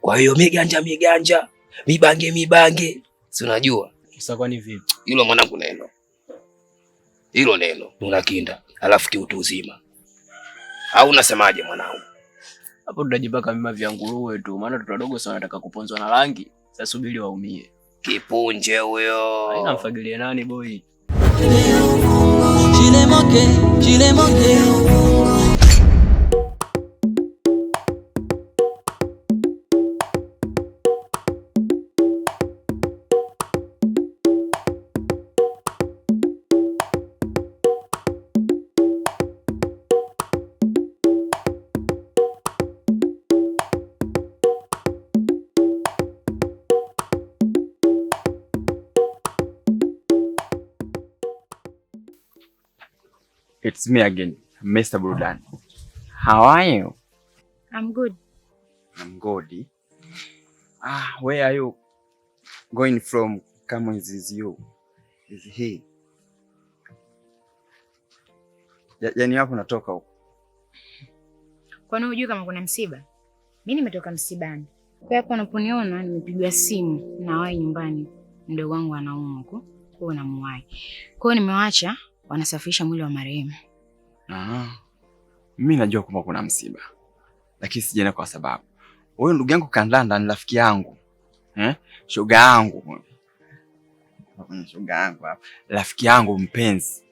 Kwa hiyo miganja miganja, mibange mibange, si unajua sasa. Kwani vipi hilo mwanangu? Neno hilo neno unakinda, alafu kiutu uzima au unasemaje mwanangu? Hapo tunajipaka mima vya nguruwe tu, maana watoto wadogo sana wanataka kuponzwa na rangi. Sasa subiri waumie. Kipunje huyo, haina mfagilie nani boy. Chilemoke, chilemoke It's me again, Mr. Burudani. How are you? I'm good. I'm good. Ah, where are you going from? Come is is you. Is he. Ya, yani wapo natoka huko. Kwani hujui kama kuna msiba? Mimi nimetoka msibani. Kwa hapo unaponiona nimepigwa simu na wai nyumbani, mdogo wangu anaumwa huko, kwa hiyo namuwahi. Kwa hiyo nimewaacha wanasafisha mwili wa marehemu. Mimi najua kwamba kuna msiba, lakini sijaenda kwa sababu huyu ndugu yangu Kandanda ni rafiki yangu eh, shoga yangu, shoga yangu hapa, rafiki yangu mpenzi.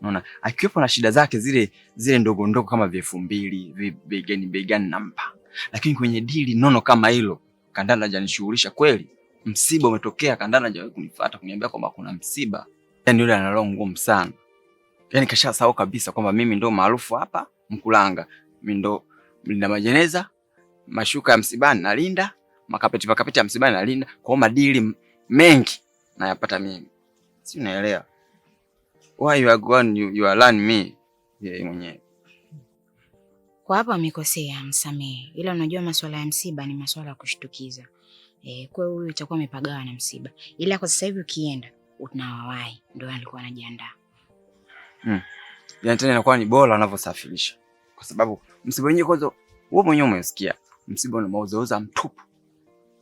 Unaona, akiwepo na shida zake zile zile ndogo ndogo kama elfu mbili bei begani nampa, lakini kwenye dili nono kama hilo Kandanda hajanishughulisha kweli. Msiba umetokea, Kandanda hajawahi kunifuata kuniambia kwamba kuna msiba yani yule ana roho ngumu sana, yani kashasahau kabisa kwamba mimi ndo maarufu hapa Mkulanga, mimi ndo mlinda majeneza, mashuka ya msibani nalinda, makapeti makapeti ya msibani nalinda, kwa madili mengi nayapata mimi, si unaelewa? Why you are going you, you are learn me yeye mwenyewe kwa hapa amekosea, msamehe, ila unajua masuala ya msiba ni masuala ya kushtukiza. Eh, kwa hiyo huyu itakuwa amepagawa na msiba, ila kwa sasa hivi ukienda unawawahi, ndio alikuwa anajiandaa hmm. Yani tena inakuwa ni bora anavyosafirisha kwa sababu msiba wenyewe kwanza, wewe mwenyewe umesikia msiba una mauzauza mtupu.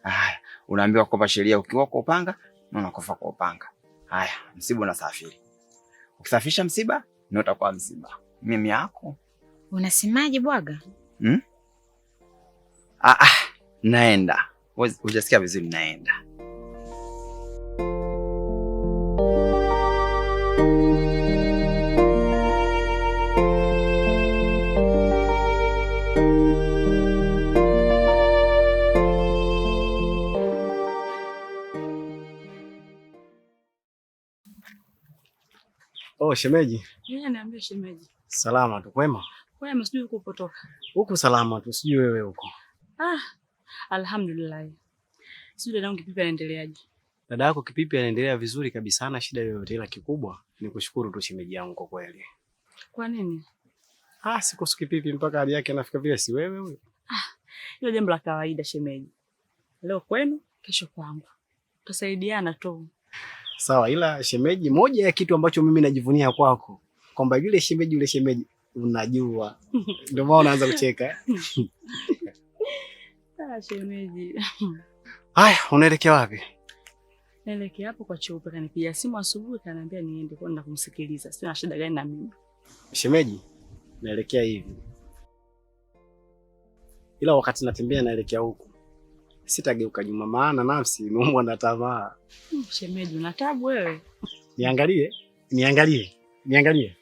Haya, unaambiwa kopa sheria, ukiwa kwa upanga na unakufa kwa upanga. Haya, msiba unasafiri, ukisafirisha msiba na utakuwa msiba mimi yako. Unasemaje bwaga? hmm? Ah, ah, naenda hujasikia vizuri, naenda Mambo shemeji? Yeye anaambia shemeji. Salama tu kwema? Kwema, sijui uko potoka. Huko salama tu, sijui wewe huko. Ah, alhamdulillah. Sijui dada yangu kipipi anaendeleaje? Dada yako kipipi anaendelea vizuri kabisa, hana shida yoyote, ila kikubwa ni kushukuru tu shemeji yangu kwa kweli. Kwa nini? Ah, sikuhusu kipipi mpaka hali yake anafika vile, si wewe huyo? Ah, hilo jambo la kawaida shemeji. Leo kwenu, kesho kwangu. Tusaidiana tu. Sawa, ila shemeji, moja ya kitu ambacho mimi najivunia kwako kwamba yule shemeji yule shemeji unajua, ndio maana unaanza kucheka Sawa shemeji. Haya, unaelekea wapi? Naelekea hapo kwa Cheupe, kanipigia simu asubuhi, kaniambia niende kwa kumsikiliza. Sina shida gani na mimi shemeji, naelekea hivi, ila wakati natembea naelekea huku sitageuka nyuma, maana nafsi imeumbwa na tamaa. Hmm, shemeji, una tabu wewe. Niangalie, niangalie, niangalie.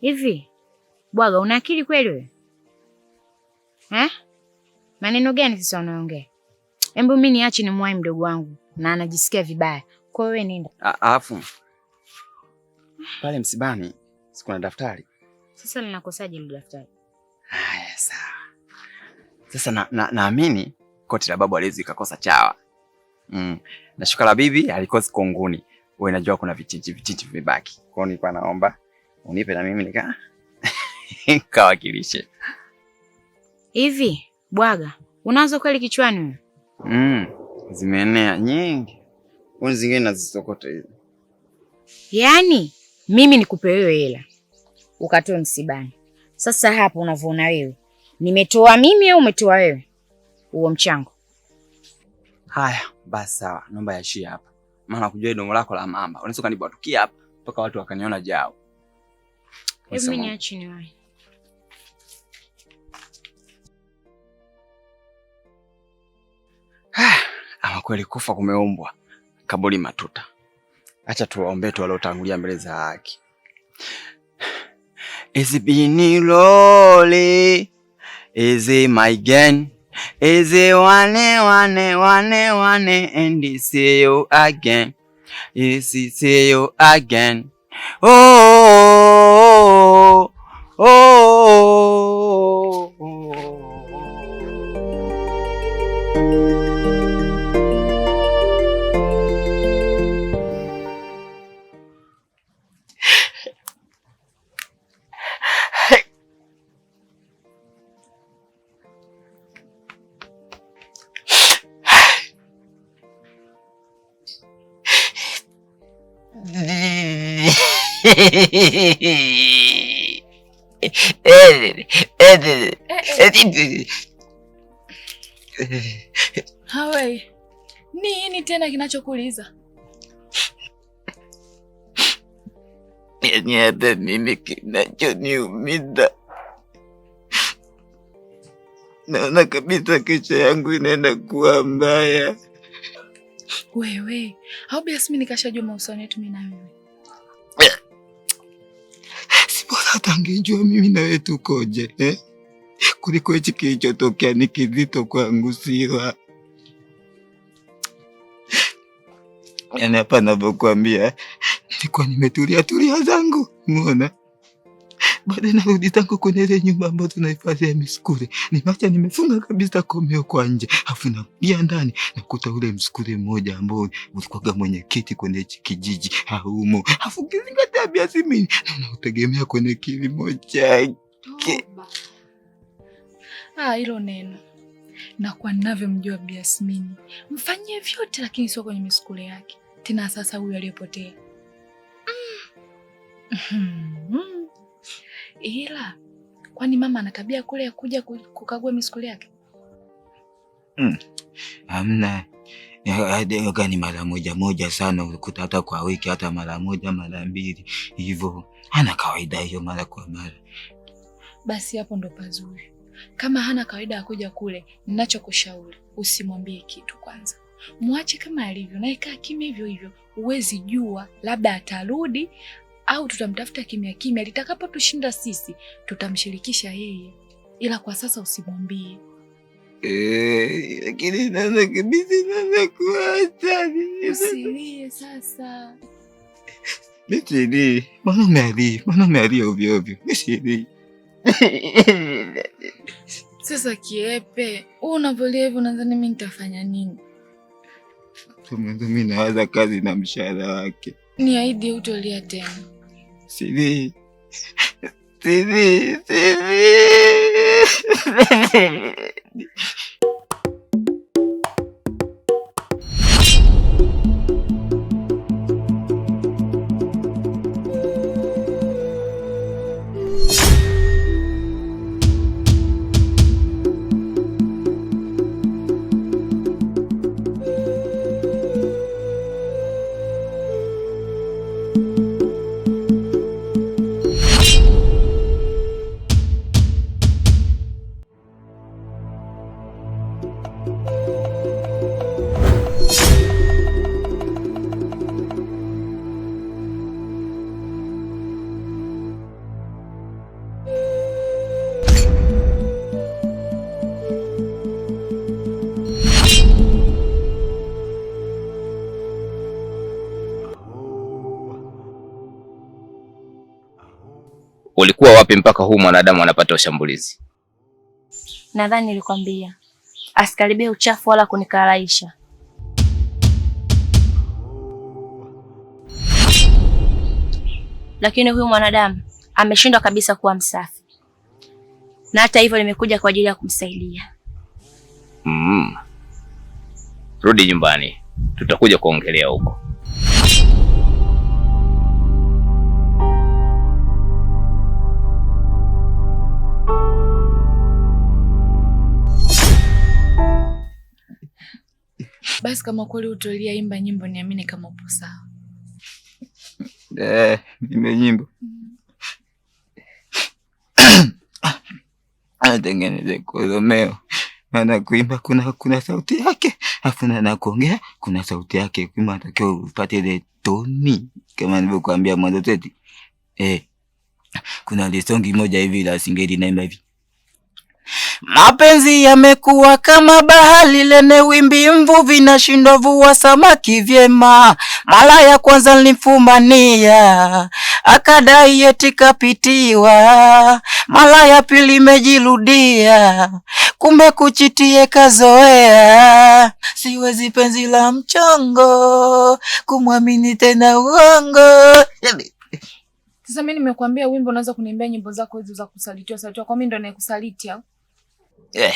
Hivi bwaga, una akili kweli wewe? Maneno gani sasa unaongea? Hebu mimi niache nimwahi mdogo wangu na anajisikia vibaya. Kwa hiyo wewe nenda. Alafu pale msibani sikuna daftari. Sasa linakosaje ile daftari? Haya sawa. Sasa na, na, naamini koti la babu aliwezi ikakosa chawa. Mm. Na shuka la bibi alikosa konguni. Wewe najua kuna vichichi vichichi vimebaki. Kwa hiyo nilikuwa naomba unipe na mimi nika kawakilishe. Hivi Bwaga, unazo kweli kichwani wewe? Mm, zimeenea nyingi. Wewe zingine nazisokota hizo. Yaani mimi nikupe wewe hela ukatoe msibani. Sasa hapo unavyoona wewe, nimetoa mimi au umetoa wewe huo mchango? Haya basi, sawa, naomba yaishie hapa, maana kujua domo lako la mamba unaweza kanibatukia hapa mpaka watu wakaniona jao. Hebu niache niwahi. Ama kweli kufa kumeombwa kaburi matuta. Acha tuwaombe tu waliotangulia mbele za haki. Is it been lonely? Is it my again? Is it one one one one and see you again? Is it see you again? Oh, oh, oh, oh. Hawe, nini tena kinachokuuliza? Yani hata nini kinachoniumiza? Naona kabisa kesho yangu inaenda kuwa mbaya. Wewe au biasmi, kashajua mahusiano yetu mimi na wewe hata ngejua mimi nawe tukoje eh? kuliko hichi kilichotokea ni kizito kwangu Silwa. Yani hapa navyokwambia eh, nilikuwa nimetulia tulia zangu, muona baada narudi tangu kuna ile nyumba ambayo tunahifadhi ya misukule, nimeacha nimefunga kabisa komeo kwa nje, afu naingia ndani nakuta ule msukule mmoja ambao ulikuwaga kiti kwenye hichi kijiji haumo, afu kizingatia na nautegemea kwenye kilimo chake. Ah, hilo neno na kwa navyomjua Biasmini, mfanyie vyote lakini sio kwenye misukule yake tena. Sasa huyu aliyepotea mm. Hmm. Ila kwani mama ana tabia kule ya kuja kukagua misukuli yake? Hmm. Hamna Amna Gani ni mara moja moja sana, ukuta hata kwa wiki hata mara moja mara mbili hivyo, hana kawaida hiyo mara kwa mara. Basi hapo ndo pazuri. Kama hana kawaida ya kuja kule, ninachokushauri usimwambie kitu kwanza, mwache kama alivyo, naye kaa kimya hivyo hivyo. Huwezi jua, labda atarudi au tutamtafuta kimya kimya, litakapotushinda sisi tutamshirikisha yeye, ila kwa sasa usimwambie. Eh, lakini naona kabisa naza kuacha. Usilie sasa, misilii mwanaume alii mwanaume alii ovyo ovyo, sasa. Kiepe, unavolia hivyo, nadhani mi nitafanya nini? Mimi nawaza kazi na mshahara wake. Niahidi utolia tena. দিদি দিদি দিদি ulikuwa wapi mpaka huu mwanadamu anapata ushambulizi? Nadhani nilikwambia asikaribie uchafu wala kunikaraisha. Lakini huyu mwanadamu ameshindwa kabisa kuwa msafi, na hata hivyo nimekuja kwa ajili ya kumsaidia. Mm. Rudi nyumbani, tutakuja kuongelea huko. Basi kama kweli utolia imba nyimbo, niamini kama upo sawa. Eh, nime nyimbo anatengeneze mm. kolomeo, maana kuimba kuna kuna sauti yake, afu na kuongea kuna sauti yake. Kuimba atakiwa upate ile toni, kama nilivyokuambia mwanzo teti. Eh, kuna lisongi moja hivi la singeli naimba hivi Mapenzi yamekuwa kama bahari lene wimbi, mvuvi na shindwa vua samaki vyema. Mara ya kwanza nilifumania, akadai eti kapitiwa. Mara ya pili imejirudia, kumbe kuchitie kazoea. Siwezi penzi la mchongo, kumwamini tena uongo. Yaani, Sasa mimi nimekuambia wimbo, unaweza kuniimbia nyimbo zako hizo za kusalitiwa salitiwa, kwa mimi ndo naikusaliti au? Eh.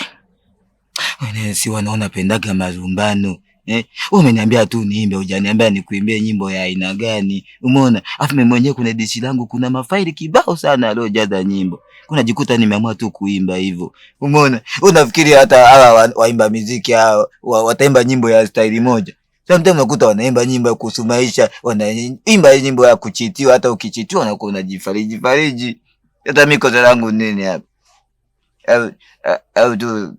Wewe si wanaona pendaga marumbano. Eh, wewe umeniambia tu niimbe, hujaniambia nikuimbie nyimbo ya aina gani. Umeona? Afu mimi mwenyewe kuna dishi langu kuna mafaili kibao sana aliojaza nyimbo. Kuna jikuta nimeamua tu kuimba hivyo. Umeona? Unafikiri hata hawa waimba muziki hao wa, wataimba nyimbo ya staili moja? Sometimes unakuta wanaimba nyimbo ya kusumaisha, wanaimba nyimbo ya kuchitiwa, hata ukichitiwa unakuwa unajifariji fariji. Hata mimi kosa langu nini hapa? au e, tu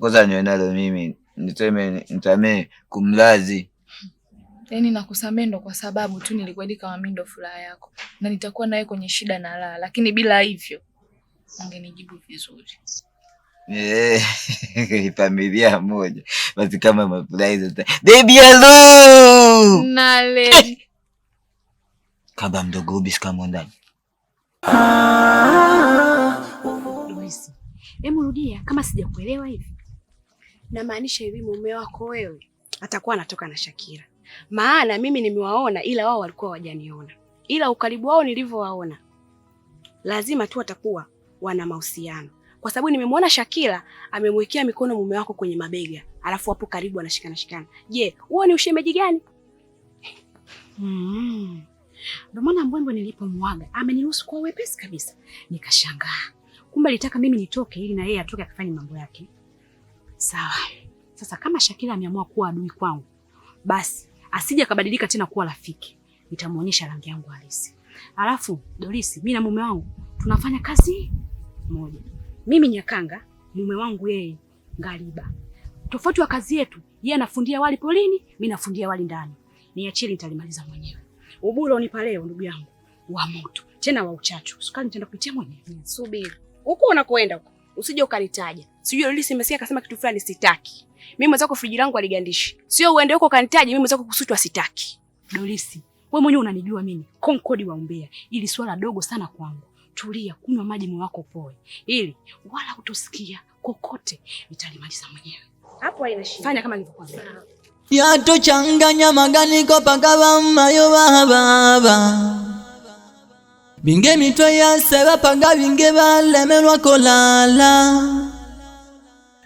kosa nalo mimi niseme nisamee kumlazi Yani nakusamee ndo kwa sababu tu nilikualika wami ndo furaha yako, na nitakuwa naye kwenye shida na raha, lakini bila hivyo ungenijibu vizuri. Familia moja basi, kama mafurahi baby hello nale kaba mdogo ubis kama ndani Hebu rudia kama sijakuelewa. Hivi namaanisha hivi, mume wako wewe atakuwa anatoka na Shakira, maana mimi nimewaona, ila wao walikuwa wajaniona, ila ukaribu wao nilivyowaona, lazima tu watakuwa wana mahusiano, kwa sababu nimemwona Shakira amemwekea mikono mume wako kwenye mabega, alafu hapo karibu anashikana shikana. Je, huo ni ushemeji gani? Mm. Ndio maana Mbwembwe nilipomwaga ameniruhusu kwa wepesi kabisa, nikashangaa Kumbe alitaka mimi nitoke ili na yeye atoke akafanye mambo yake. Sawa. Sasa kama Shakira ameamua kuwa adui kwangu, basi asije akabadilika tena kuwa rafiki. Nitamuonyesha rangi yangu halisi. Alafu Dorisi, mimi na mume wangu tunafanya kazi moja. Mimi Nyakanga, mume wangu yeye ngaliba. Tofauti wa kazi yetu, yeye anafundia wali polini, mimi nafundia wali ndani. Niachie nitalimaliza mwenyewe. Ubulo ni pale ndugu yangu wa moto, tena wa uchachu. Sukari nitaenda kupitia mwenyewe. Subiri huko unakoenda huko usije ukanitaja, sijui Lisi imesikia akasema kitu fulani sitaki mimi. Mwenzako friji langu aligandishi, sio uende huko kanitaje mimi mwenzako kusutwa sitaki. Dorisi, wewe mwenyewe unanijua mimi konkodi wa umbea, ili swala dogo sana kwangu. Tulia, kunywa maji moyo wako poe, ili wala utosikia kokote, nitalimaliza mwenyewe hapo. Haina shida, fanya kama nilivyokuambia. Yatochanganya maganiko pakawa mayo baba binge mitwe yase bapanga binge balemelwa kolala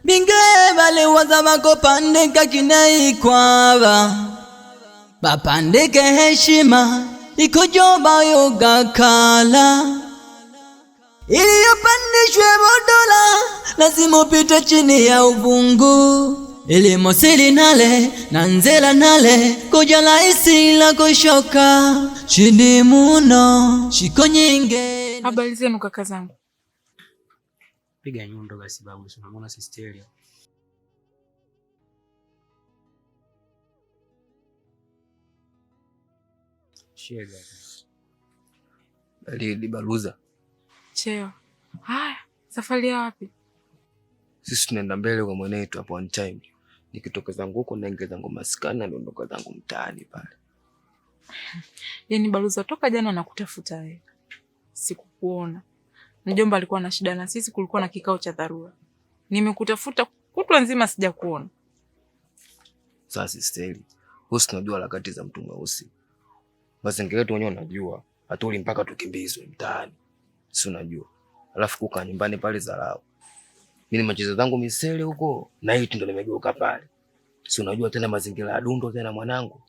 binge balewaza bakopandika kina ikwava bapandike heshima ikojoba yogakala iliyopandishwe bodola lazima upite chini ya uvungu ilimosili nale na nzela nale kuja laisi la kushoka chini muno shiko nyinge. Habari zenu kaka zangu, piga nyundo basi babu, si stereo. Shega Lili Baluza cheo. Haya, safari ya wapi? Sisi tunaenda mbele kwa mwenetu hapo on time nikitoka zangu huko naingia zangu maskani na niondoka zangu mtaani pale. Yaani baluza, toka jana nakutafuta wewe, sikukuona. Mjomba alikuwa na shida na sisi, kulikuwa na kikao cha dharura. Nimekutafuta kutwa nzima sijakuona. Sasa sisteli, husi unajua harakati za mtu mweusi, mazingira yetu wenyewe unajua, hatuli mpaka tukimbizwe mtaani, si unajua? Alafu kuka nyumbani pale dharau mimi yaani macheza zangu misele huko na hii ndo nimegeuka pale. Si unajua tena mazingira ya dundo tena mwanangu.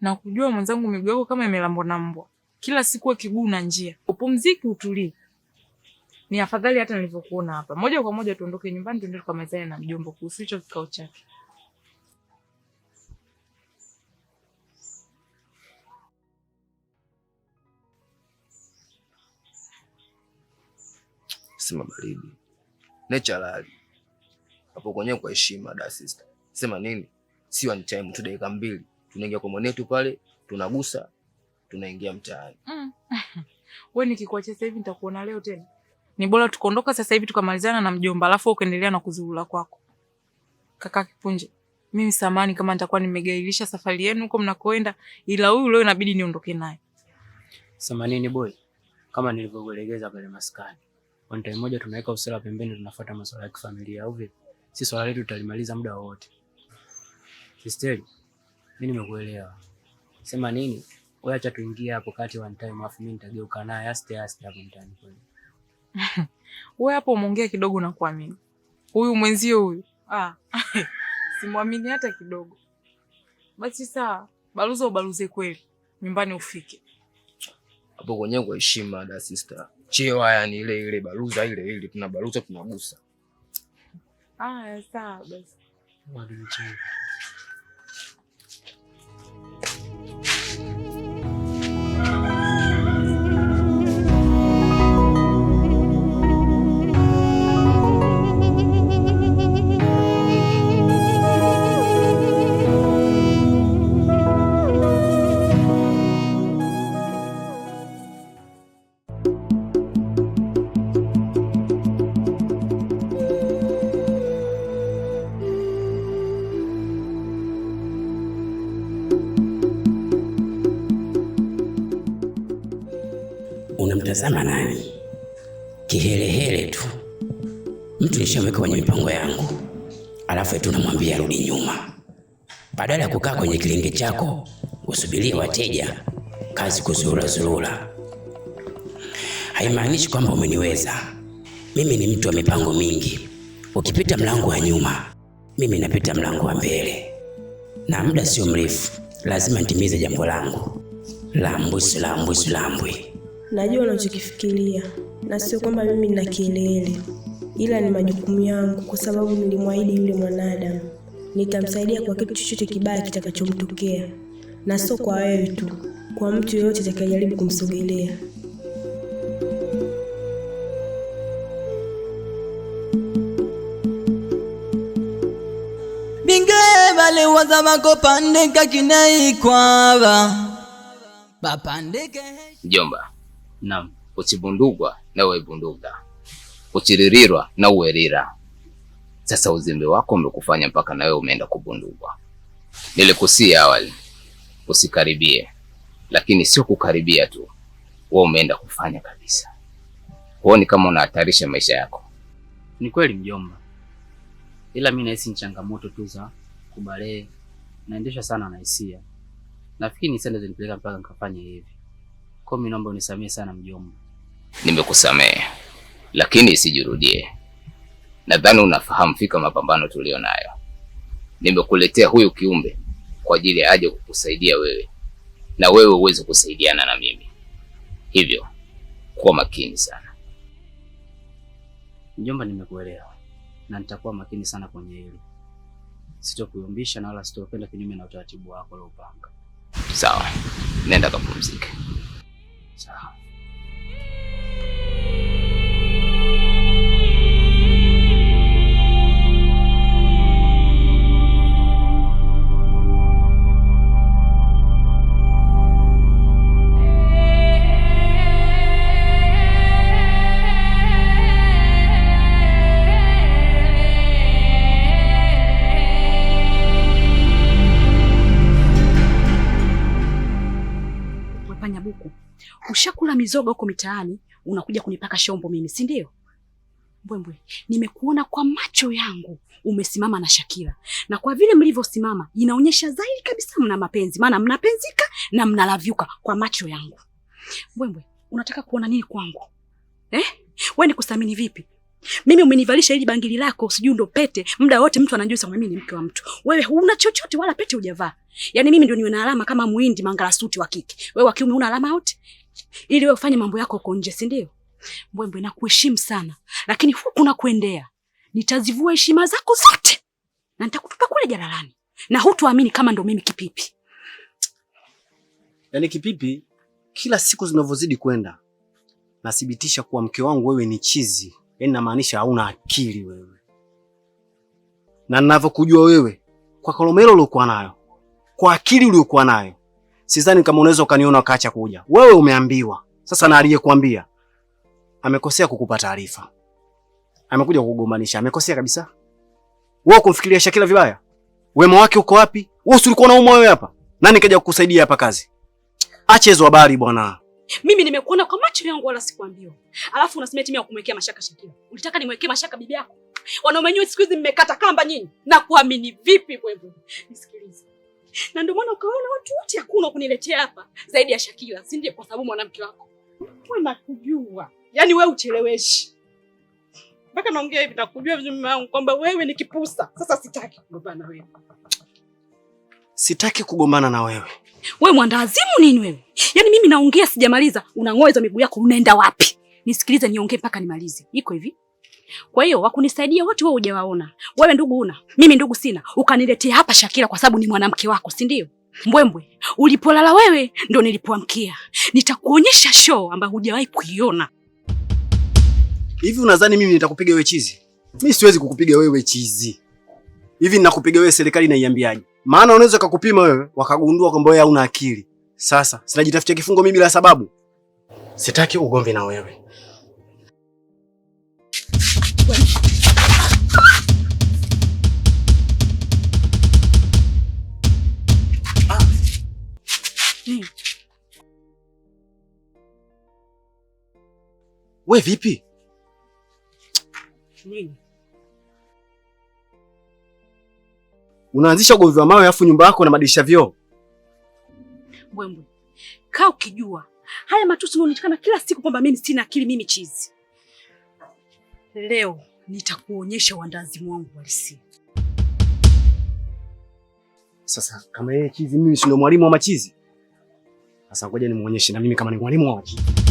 Na kujua mwenzangu miguu yako kama imelambwa na mbwa. Kila siku wa na njia. Upumziki utulie. Ni afadhali hata nilivyokuona hapa. Moja kwa moja tuondoke nyumbani tuende tukamalizane na mjomba kuhusu hicho kikao chake. Sima baridi naturally hapo kwenye kwa heshima. Da sister, sema nini? Si one time tu, dakika mbili tunaingia kwa monetu pale, tunagusa, tunaingia mtaani. Mm. Wewe nikikuacha sasa hivi nitakuona leo tena? Ni bora tukaondoka sasa hivi tukamalizana na mjomba, alafu ukaendelea na kuzurura kwako. Kaka Kipunje, mimi samani kama nitakuwa nimegailisha safari yenu huko mnakoenda, ila huyu leo inabidi niondoke naye. Samani ni boy, kama nilivyokuelekeza pale maskani on time moja, tunaweka usela pembeni, tunafuata masuala ya kifamilia au vipi? Si swala letu tutalimaliza muda wote. Sister, mimi nimekuelewa. Sema nini? Wewe acha tuingie hapo kati one time, afu mimi nitageuka naye aste aste hapo mtani kweli. Wewe hapo umeongea kidogo na kuamini. Huyu mwenzio huyu. Ah. Simwamini hata kidogo. Basi sawa, baluza ubaluze kweli. Nyumbani ufike. Hapo kwenye kwa heshima da sister chewa, yani ile ile baruza ile ile, tuna baruza tunagusa. Ah, sawa basi. natazama nani, kihelehele tu mtu nishamweka kwenye mipango yangu, alafu eti unamwambia rudi nyuma, badala ya kukaa kwenye kilinge chako usubirie wateja, kazi kuzurura zurura. Haimaanishi kwamba umeniweza mimi. Ni mtu wa mipango mingi. Ukipita mlango wa nyuma, mimi napita mlango wa mbele, na muda sio mrefu lazima nitimize jambo langu. Lambwisilambwisilambwi Najua unachokifikiria na sio kwamba mimi nina kelele, ila ni majukumu yangu, kwa sababu nilimwahidi yule mwanadamu nitamsaidia kwa kitu chochote kibaya kitakachomtokea, na sio kwa wewe tu, kwa mtu yoyote atakayejaribu kumsogelea. Bingevale wazavako pandeka kinai kwava bapandeke. Naam. na uwe bunduga, Kuchiririrwa na uwe rira. Sasa uzembe wako umekufanya mpaka na nawe umeenda kubundugwa. Nilikusia awali usikaribie, lakini sio kukaribia tu, wewe umeenda kufanya kabisa. Huoni kama unahatarisha maisha yako? Ni kweli mjomba, ila mimi nahisi ni changamoto tu za kubalee, naendesha sana na hisia. Nafikiri ni sasa ndio mpaka nikafanya hivi. Kwa mimi naomba unisamehe sana mjomba. Nimekusamehe, lakini isijirudie. Nadhani unafahamu fika mapambano tuliyo nayo. Nimekuletea huyu kiumbe kwa ajili ya aje kukusaidia wewe na wewe uweze kusaidiana na mimi, hivyo kuwa makini sana mjomba. Nimekuelewa na nitakuwa makini sana kwenye hili, sitokuyumbisha na wala sitokwenda kinyume na utaratibu wako wa upanga. Sawa, nenda kapumzike. 行。mizoga huko mitaani unakuja kunipaka shombo mimi, si ndio? Mbwembwe, nimekuona kwa macho yangu umesimama na Shakira, na kwa vile mlivyosimama inaonyesha zaidi kabisa mna mapenzi, maana mnapenzika na mnalavyuka kwa macho yangu. Mbwembwe, unataka kuona nini kwangu eh? Wewe nikuthamini vipi? Mimi umenivalisha hili bangili lako, sijui ndo pete. Muda wote mtu anajua sasa mimi ni mke wa mtu. Wewe huna chochote wala pete hujavaa. Yaani mimi ndio niwe na alama kama muindi mangala suti wa kike. Wewe wa kiume una alama yote? ili wewe ufanye mambo yako huko nje, si ndio? Mbwembwe, nakuheshimu sana, lakini huku na kuendea nitazivua heshima zako zote na nitakutupa kule jalalani, na hutuamini kama ndo mimi Kipipi. Yaani Kipipi, kila siku zinavyozidi kwenda nathibitisha kuwa mke wangu wewe ni chizi, yaani namaanisha hauna akili wewe, na ninavyokujua wewe, kwa kalomelo uliokuwa nayo, kwa akili uliokuwa nayo sidhani kama unaweza ukaniona ukaacha kuja. Wewe umeambiwa. Sasa na aliyekuambia amekosea kukupa taarifa, amekuja kukugombanisha, amekosea kabisa. Wewe kumfikiria Shakila vibaya, wema wake uko wapi? Wewe usilikuwa na umwa wewe hapa, nani kaja kukusaidia hapa kazi? Acha hizo habari bwana. Mimi nimekuona kwa macho yangu, wala sikwambiwa. Alafu unasema eti mimi nakumwekea mashaka Shakila. Ulitaka nimwekee mashaka bibi yako? Wanaume wenyewe siku hizi mmekata kamba nyinyi, na kuamini vipi wewe? Nisikilize na ndio maana ukaona watu wote hakuna kuniletea hapa zaidi ya Shakila, si ndio? Kwa sababu mwanamke wako nakujua, yaani wewe ucheleweshi mpaka naongea hivi, nakujua vizuri mama yangu kwamba wewe ni kipusa. Sasa sitaki kugombana na wewe, sitaki kugombana na wewe. We mwandawazimu nini wewe? Yaani mimi naongea sijamaliza, unang'oeza miguu yako, unaenda wapi? Nisikilize niongee mpaka nimalize. Iko hivi kwa hiyo wakunisaidia wote wewe hujawaona. Wewe ndugu una, mimi ndugu sina. Ukaniletea hapa Shakira kwa sababu ni mwanamke wako, si ndio? Mbwembwe, ulipolala wewe ndo nilipoamkia. Nitakuonyesha show ambayo hujawahi kuiona. Hivi unadhani mimi nitakupiga wewe chizi? Mimi siwezi kukupiga wewe chizi. Hivi ninakupiga wewe serikali inaiambiaje? Maana unaweza kukupima wewe wakagundua kwamba wewe hauna akili. Sasa, sinajitafutia kifungo mimi bila sababu. Sitaki ugomvi na wewe. We vipi? Unaanzisha ugomvi wa mawe afu nyumba yako na madirisha vyoo. Mbwembwe, kaa ukijua haya matusi unaonekana kila siku kwamba mimi sina akili, mimi chizi Leo nitakuonyesha wandazi wangu halisi. Sasa kama yeye chizi, mimi si ndo mwalimu wa machizi? Sasa ngoja nimuonyeshe na mimi kama ni mwalimu wa machizi.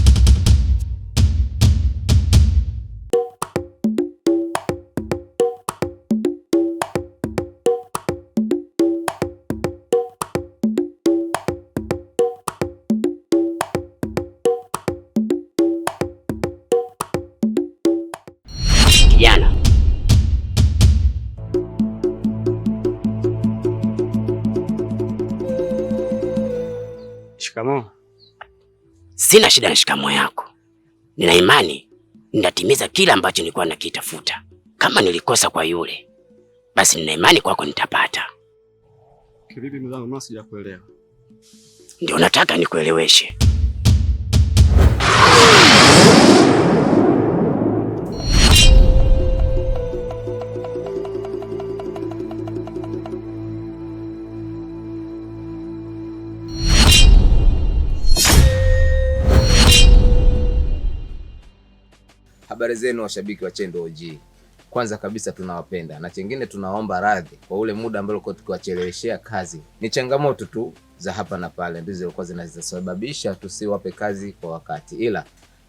Sina shida na shikamo yako, nina imani nitatimiza kila ambacho nilikuwa nakitafuta. Kama nilikosa kwa yule, basi nina imani kwako nitapata. Kivipi mzangu? Mimi sijakuelewa. Ndio nataka nikueleweshe. Habari zenu washabiki wa Chendo OG. Kwanza kabisa tunawapenda na chengine tunaomba radhi kwa ule muda ambao ulikuwa tukiwacheleweshea kazi. Ni changamoto tu za hapa na pale ndizo zilikuwa zinazosababisha tusiwape kazi kwa wakati, ila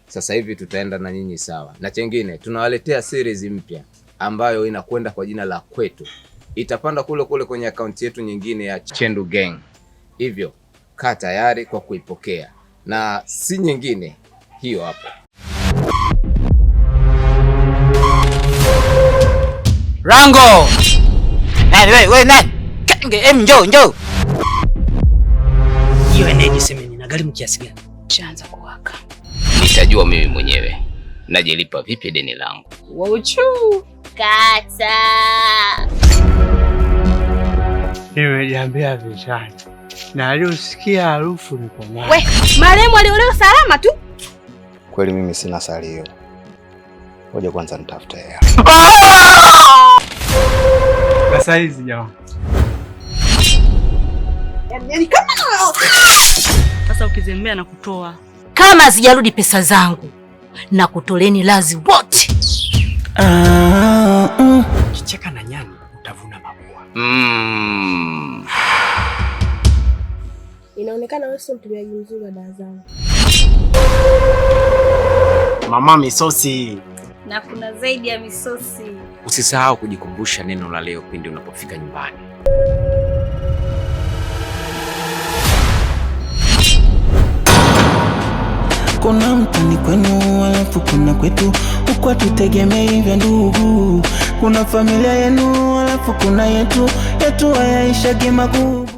sasa hivi tutaenda na nyinyi sawa. Na chengine tunawaletea series mpya ambayo inakwenda kwa jina la Kwetu, itapanda kule kule kwenye akaunti yetu nyingine ya Chendo Gang, hivyo kaa tayari kwa kuipokea na si nyingine hiyo hapo. Rango. Nani wewe wewe nani? Em njoo njoo. Hiyo energy semeni na gharimu kiasi gani? Chaanza kuwaka. Nitajua mimi mwenyewe. Najilipa vipi deni langu? Wauchu. Kata. Nimejiambia vijana. Na aliosikia harufu ni kwa mama. Wewe, marehemu aliolewa salama tu. Kweli mimi sina salio. Ngoja kwanza nitafute hela. Ah! Na saizi jamaa. Yaani kama sasa ukizembea na kutoa. Kama sijarudi pesa zangu na kutoleni lazi wote. Kicheka na nyani utavuna mabua. Mm. Inaonekana wewe sio mtumiaji mzuri wa dawa zangu. Mama misosi na kuna zaidi ya misosi. Usisahau kujikumbusha neno la leo pindi unapofika nyumbani. Kuna mtani kwenu, alafu kuna kwetu, huku hatutegemei vya ndugu. Kuna familia yenu, alafu kuna yetu, yetu hayaishagi magugu.